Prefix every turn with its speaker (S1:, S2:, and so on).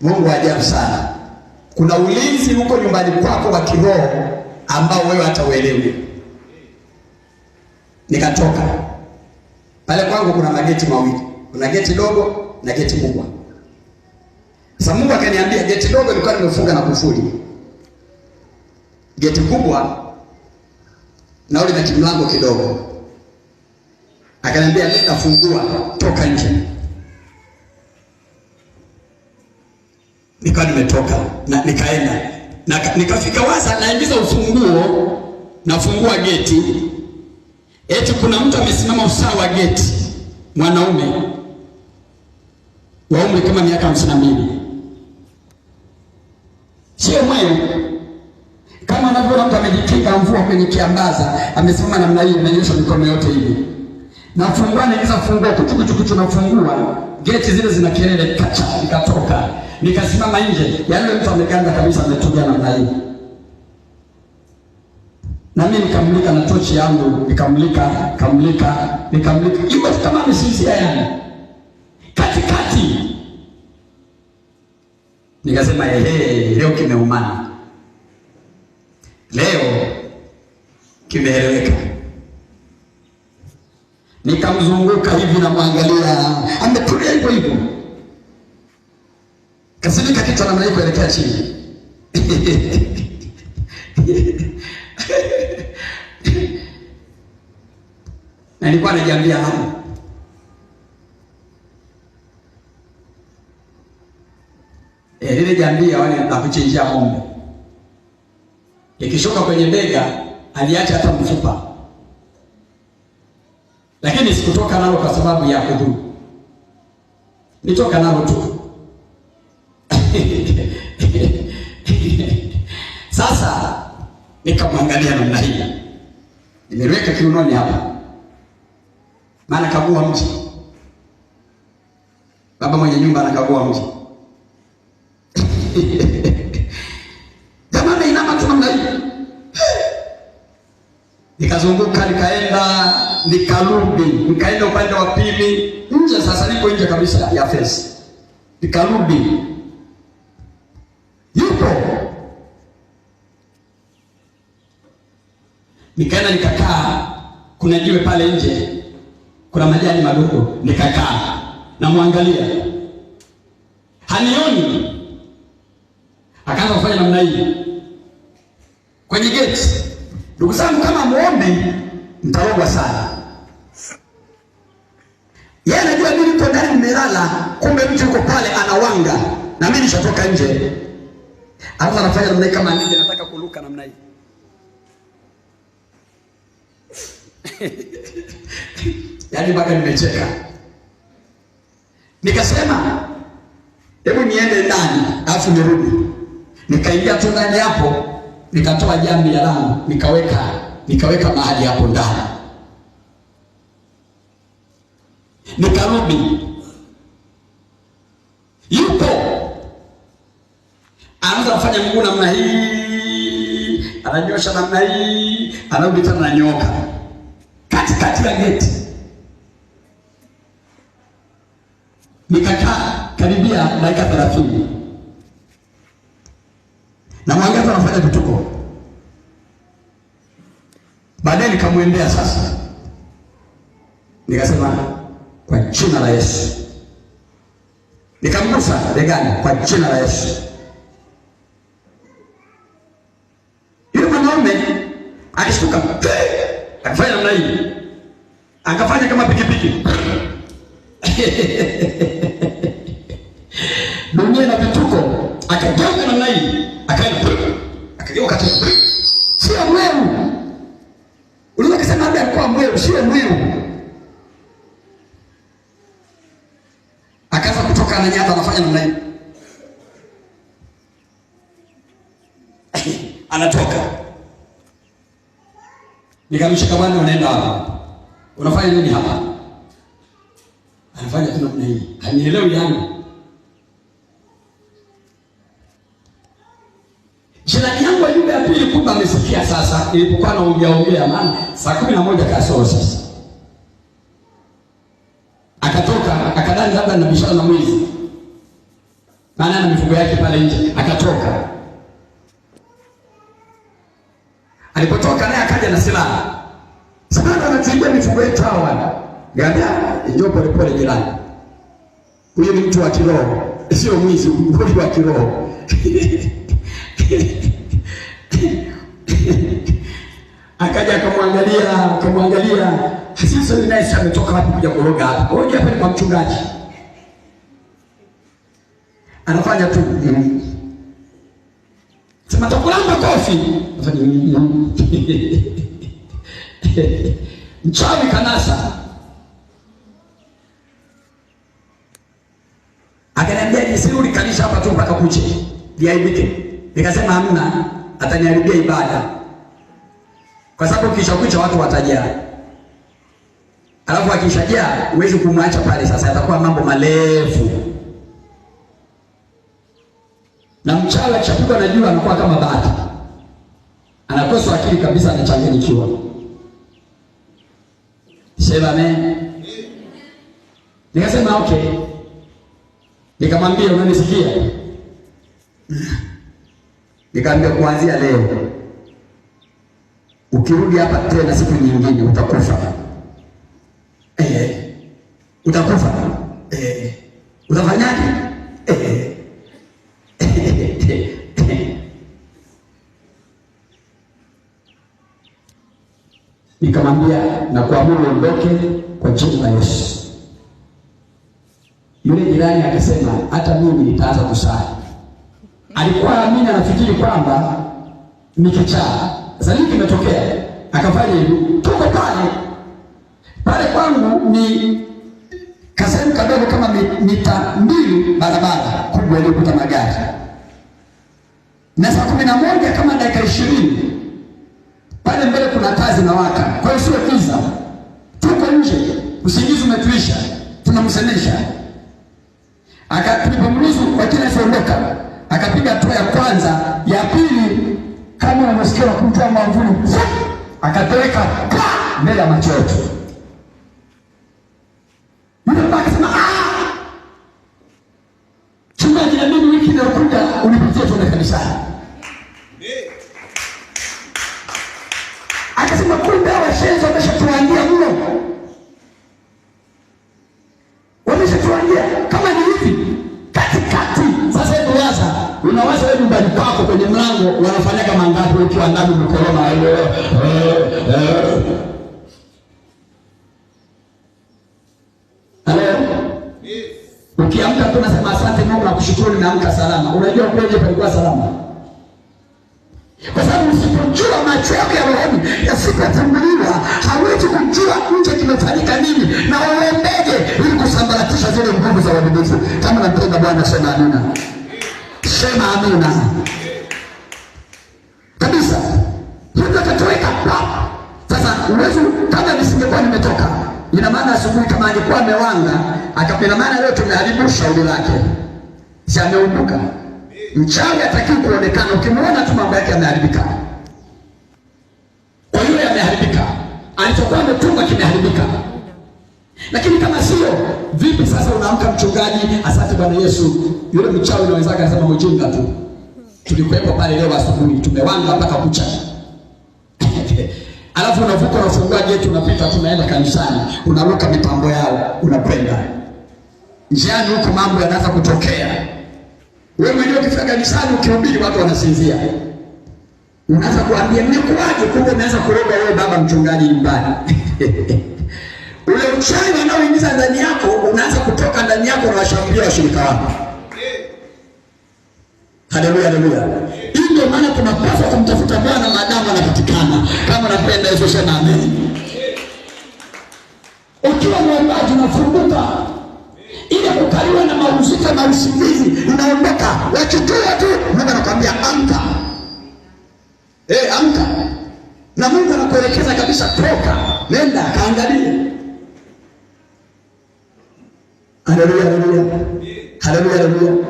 S1: Mungu ajabu sana. Kuna ulinzi huko nyumbani kwako wa kiroho ambao wewe hata uelewi. Nikatoka pale kwangu, kuna mageti mawili, kuna geti dogo na geti kubwa. Sasa Mungu akaniambia, geti dogo nilikuwa limefunga na kufuli, geti kubwa na ule na kimlango kidogo, akaniambia nitafungua, toka nje. nikawa nimetoka na nikaenda na, nikafika Wasa, naingiza ufunguo, nafungua geti, eti kuna mtu amesimama usawa wa geti, mwanaume wa umri kama miaka hamsini na mbili, sio mwenye kama anavyoona mtu amejikinga mvua kwenye kiambaza, amesimama namna hii, amenyosha mikono yote hivi, nafungua, naingiza funguo, kuchukuchukuchu, nafungua geti zile zina kelele, kacha nikatoka, nikasimama nje, yaani mtu ameganda kabisa, ametulia namna hii, na mimi nikamulika na tochi yangu, nikamulika nikamulika nikamulika, yuko kama amesinzia yani, katikati nikasema ehe, leo kimeumana, leo kimeeleweka nikamzunguka hivi namwangalia, ametulia hivyo hivyo, kasimika kichwa namna hii kuelekea chini na nilikuwa najiambia hapo e, lile jambia wale la kuchinjia ng'ombe likishuka kwenye bega, aliacha hata mfupa lakini sikutoka nalo kwa sababu ya kudhuru, nitoka nalo tu Sasa nikamwangalia namna hii, nimeweka kiunoni hapa, maana kagua mji. Baba mwenye nyumba anakagua mji jamani, inama tu namna hii nikazunguka, nikaenda, nikarudi, nikaenda upande wa pili nje. Sasa niko nje kabisa ya fesi, nikarudi, yupo. Nikaenda nikakaa, kuna jiwe pale nje, kuna majani madogo, nikakaa namwangalia, hanioni, akaanza kufanya namna hii Ndugu zangu, kama muombi mtaogwa sana. Yeye anajua mimi niko ndani nimelala, kumbe mtu yuko pale anawanga na mimi nishatoka nje, alafu anafanya namna hii, kama nje nataka kuruka namna hii yaani mpaka nimecheka nikasema, hebu niende ndani alafu nirudi. Nikaingia tu ndani hapo nikatoa jambi la langu nikaweka nikaweka mahali hapo ndani, nikarudi. Yupo anaanza kufanya mguu namna hii, ananyosha namna hii, anarudi tena nanyoka katikati ya geti. Nikakaa karibia dakika thelathini. kuendea sasa. Nikasema kwa jina la Yesu, nikamgusa begani kwa jina la Yesu. Yule mwanaume alishtuka, akafanya namna hii, akafanya kama pikipiki dunia na vituko, akageuka namna hii, akaenda akageuka tena Nikamshikamana, unaenda hapa unafanya nini hapa? Anafanya tu namna hii, hanielewi yani. Jirani yangu wa nyumba ya pili kumbe amesikia sasa nilipokuwa naongea ongea, maana saa kumi na moja kasoro sasa, akatoka akadani labda na bishara na mwizi, maana na mifugo yake pale nje, akatoka Alipotoka naye akaja na silaha. Samanda anachimbia mifugo yetu hao wana. Ngambia njoo pole pole jirani. Huyu ni mtu wa kiroho, eh, sio mwizi, mtu wa kiroho. Akaja akamwangalia, akamwangalia. Sasa ni naye ametoka wapi kuja kuroga hapa? Hoja hapa ni kwa mchungaji. Anafanya tu. Sema takulamba kofi. mchawi kanasa akaniambia nisirudi kanisa hapa tu mpaka kuche liaibike. Nikasema hamna, ataniharibia ibada, kwa sababu kisha kucha watu watajaa, alafu akishajaa huwezi kumwacha pale. Sasa atakuwa mambo marefu, na mchawi akishapigwa na jua anakuwa kama bata anakosa akili kabisa, anachanganyikiwa. Sema amen. Nikasema okay, nikamwambia unanisikia? Nikamwambia kuanzia leo ukirudi hapa tena siku nyingine utakufa. Eh, utakufa. Eh, utafanyaje? nikamwambia na kuamuru ondoke kwa jina la Yesu. Yule jirani akasema hata mimi nitaanza kusali. Alikuwa amini anafikiri kwamba ni kichaa. Sasa nini kimetokea? Akafanya hivi, tuko pale pale kwangu ni kasehemu kadogo kama mita mbili barabara kubwa iliyopita magari, na saa kumi na moja kama dakika ishirini na taa zinawaka. Kwa hiyo sio giza, tuko nje, usingizi umetuisha, tunamsemesha. Tulipomuuliza kwa kile asiondoka, akapiga hatua ya kwanza, ya pili, kama unasikia wakumtoa mwavuni, akapeleka mbele ya macho yetu. wanafanyaga mangapi ukiwa ndani umekoroma? Eh, eh. Ukiamka tu nasema asante Mungu, kushukuru ninaamka salama. Unajua kweli palikuwa salama, kwa sababu usipojua macho yako ya rohoni yasipofunguliwa, hawezi kujua nje kimefanyika nini na uombeje ili kusambaratisha zile nguvu za uadilifu. Kama nampenda Bwana, sema amina, sema amina. Ina maana asubuhi kama alikuwa amewanga akapenda, maana leo tumeharibu shauri lake, si ameumbuka. mchawi, hataki kuonekana. Ukimwona tu mambo yake yameharibika, kwa hiyo yameharibika, alichokuwa ametunga kimeharibika. Lakini kama sio vipi, sasa unaamka mchungaji, asante Bwana Yesu, yule mchawi na anasema mjinga tu, tulikuwepo pale leo asubuhi, tumewanga mpaka kucha alafu unavuka unafungua geti unapita tunaenda kanisani, unaruka mipango yao, unakwenda njiani huko, mambo yanaanza kutokea. Wewe mwenyewe ukifika kanisani ukihubiri, watu wanasinzia, unaanza kuambia nimekuaje, kumbe unaanza kuroga wewe baba mchungaji nyumbani ule uchawi wanaoingiza ndani yako unaanza kutoka ndani yako, unawashambulia washirika wako. Haleluya, haleluya. Ndio maana tunapaswa kumtafuta Bwana maadamu anapatikana. Kama unapenda Yesu, sema amen. Ukiwa mwombaji unafunguka, ile kukaliwa na mahusika na usingizi inaondoka. Wachukua tu, Mungu anakwambia amka, eh, amka, na Mungu anakuelekeza kabisa, toka, nenda kaangalie. Haleluya, haleluya, haleluya, haleluya.